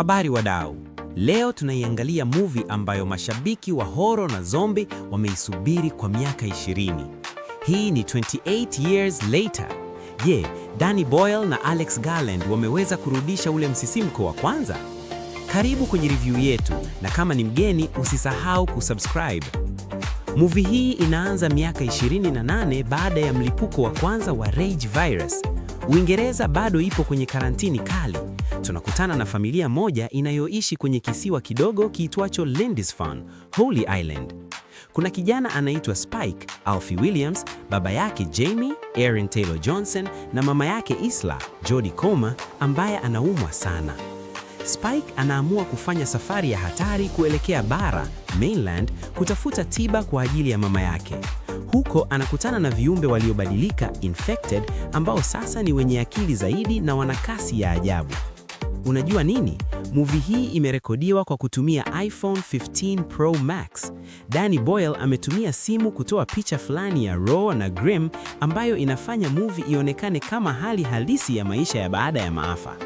Habari wadau, leo tunaiangalia movie ambayo mashabiki wa horror na zombie wameisubiri kwa miaka 20. Hii ni 28 Years Later. Je, Danny Boyle na Alex Garland wameweza kurudisha ule msisimko wa kwanza? Karibu kwenye review yetu, na kama ni mgeni usisahau kusubscribe. Movie hii inaanza miaka 28 baada ya mlipuko wa kwanza wa Rage virus. Uingereza bado ipo kwenye karantini kali tunakutana na familia moja inayoishi kwenye kisiwa kidogo kiitwacho Lindisfarne, Holy Island. Kuna kijana anaitwa Spike, Alfie Williams, baba yake Jamie, Erin Taylor Johnson na mama yake Isla, Jodie Comer, ambaye anaumwa sana. Spike anaamua kufanya safari ya hatari kuelekea bara, mainland, kutafuta tiba kwa ajili ya mama yake. Huko anakutana na viumbe waliobadilika infected ambao sasa ni wenye akili zaidi na wana kasi ya ajabu. Unajua nini? Movie hii imerekodiwa kwa kutumia iPhone 15 Pro Max. Danny Boyle ametumia simu kutoa picha fulani ya raw na grim ambayo inafanya movie ionekane kama hali halisi ya maisha ya baada ya maafa.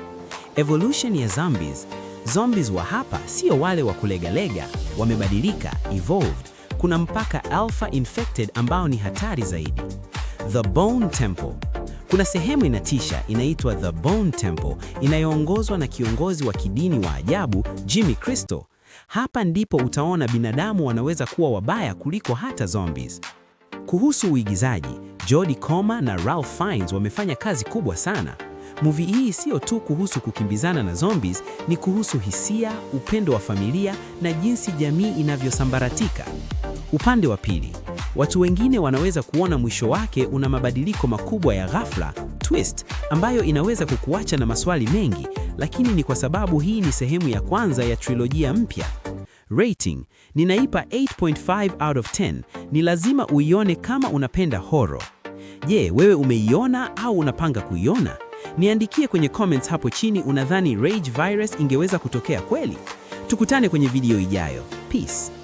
Evolution ya zombies. Zombies wa hapa sio wale wa kulegalega, wamebadilika, evolved. Kuna mpaka alpha infected ambao ni hatari zaidi. The Bone Temple. Kuna sehemu inatisha inaitwa The Bone Temple inayoongozwa na kiongozi wa kidini wa ajabu Jimmy Crystal. Hapa ndipo utaona binadamu wanaweza kuwa wabaya kuliko hata zombies. Kuhusu uigizaji, Jodie Comer na Ralph Fiennes wamefanya kazi kubwa sana. Movie hii sio tu kuhusu kukimbizana na zombies, ni kuhusu hisia, upendo wa familia na jinsi jamii inavyosambaratika. Upande wa pili Watu wengine wanaweza kuona mwisho wake una mabadiliko makubwa ya ghafla, twist, ambayo inaweza kukuacha na maswali mengi, lakini ni kwa sababu hii ni sehemu ya kwanza ya trilojia mpya. Rating, ninaipa 8.5 out of 10. Ni lazima uione kama unapenda horo. Je, wewe umeiona au unapanga kuiona? Niandikie kwenye comments hapo chini unadhani Rage Virus ingeweza kutokea kweli? Tukutane kwenye video ijayo. Peace.